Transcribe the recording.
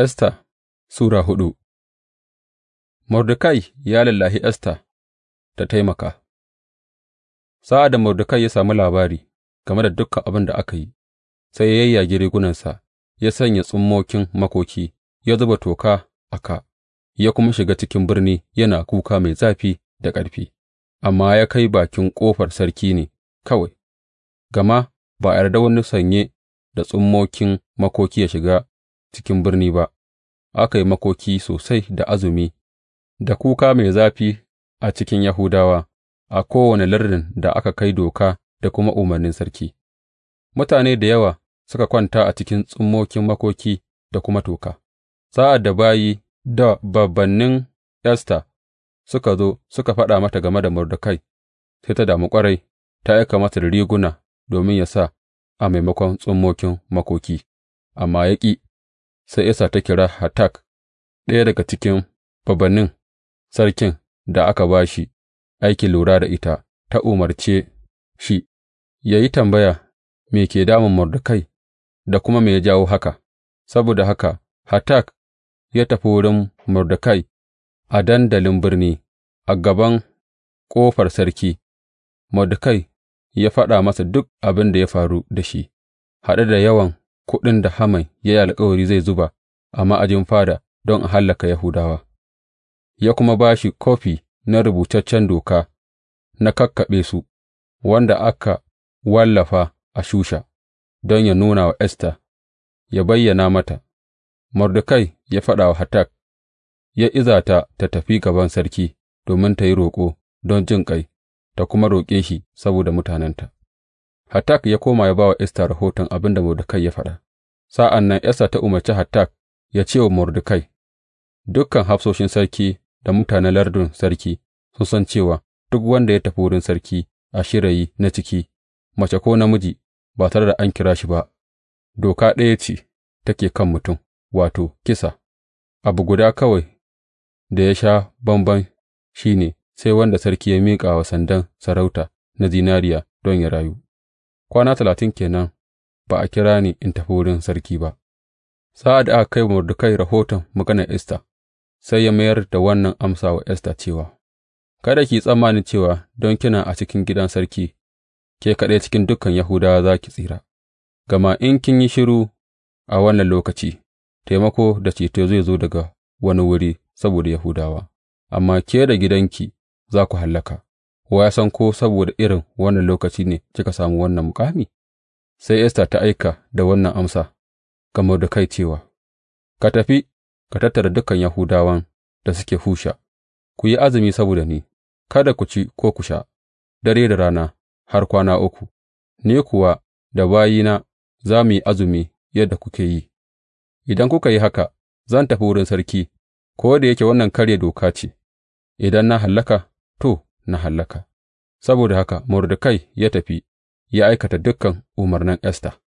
Esta Sura hudu Mordekai ya lallahi Esta ta taimaka Sa'a da Mordekai ya sami labari game da dukkan abin da aka yi, sai ya yayyage rigunansa, ya sanya tsummokin makoki, ya zuba toka a ka, ya kuma shiga cikin birni yana kuka mai zafi da ƙarfi, amma ya kai bakin ƙofar sarki ne kawai, gama ba a yarda wani sanye da tsummokin makoki ya shiga cikin birni ba, aka yi makoki sosai da azumi da kuka mai zafi a cikin Yahudawa a kowane lardin da aka kai doka da kuma umarnin sarki, mutane da yawa suka kwanta a cikin tsummokin makoki da kuma toka, sa'ad da bayi da babbannin Esta suka zo suka faɗa mata game da Mordekai, sai ta damu ƙwarai, ta aika masa da riguna domin ya sa a maimakon tsummokin makoki, amma ya ƙi, sai Esta ta kira Hatak, ɗaya daga cikin babannin sarkin da aka ba shi aikin lura da ita, ta umarce shi, ya yi tambaya me ke damun Mordekai da kuma me ya jawo haka, saboda haka Hatak ya tafi wurin Mordekai a dandalin birni a gaban ƙofar sarki, Mordekai ya faɗa masa duk abin da ya faru da shi, haɗe da yawan kuɗin da Haman ya yi alkawari zai zuba a ma'ajin fada don a hallaka Yahudawa, ya kuma ba shi kofi na rubutaccen doka na kakkaɓe su, wanda aka wallafa a Shusha, don ya nuna wa Esta, ya bayyana mata, Mordekai ya faɗa wa Hatak, ya iza ta ta tafi gaban sarki domin ta yi roƙo don jin ƙai ta kuma roƙe shi saboda mutanenta. Hattak ya koma ya ba wa Esta rahoton abin da Mordekai ya faɗa, sa'an nan Esta ta umarci Hattak ya ce wa Mordekai, Dukan hafsoshin sarki da mutanen lardun sarki sun san cewa duk wanda ya tafi wurin sarki a shirayi na ciki, mace ko namiji, ba tare da an kira shi ba, doka ɗaya ce take kan mutum, wato, kisa, abu guda kawai da ya sha bamban shi ne sai wanda sarki ya miƙa wa sandan sarauta na zinariya don ya rayu. kwana talatin ke nan ba a kira ni in tafi wurin sarki ba. Sa'ad da aka kai wa Mordekai rahoton maganar Esta, sai ya mayar da wannan amsa wa Esta cewa, Kada ki tsammanin cewa don kina a cikin gidan sarki, ke kaɗai cikin dukan Yahudawa za ki tsira, gama in kin yi shiru a wannan lokaci, taimako da ceto zai zo daga wani wuri saboda Yahudawa, amma ke da gidanki za ku hallaka. wa ya san ko saboda irin wannan lokaci ne kika samu wannan mukami? Sai Esta ta aika da wannan amsa ga Mordekai cewa, Ka tafi, ka tattara dukan Yahudawan da suke Husha, ku yi azumi saboda ni, kada ku ci ko ku sha, dare da rana har kwana uku, ni kuwa da bayina za mu yi azumi yadda kuke yi, idan kuka yi haka, zan tafi wurin sarki, ko da yake wannan karya doka ce, idan na hallaka, to, na hallaka. Saboda haka Mordekai ya tafi ya aikata dukan umarnan Esta.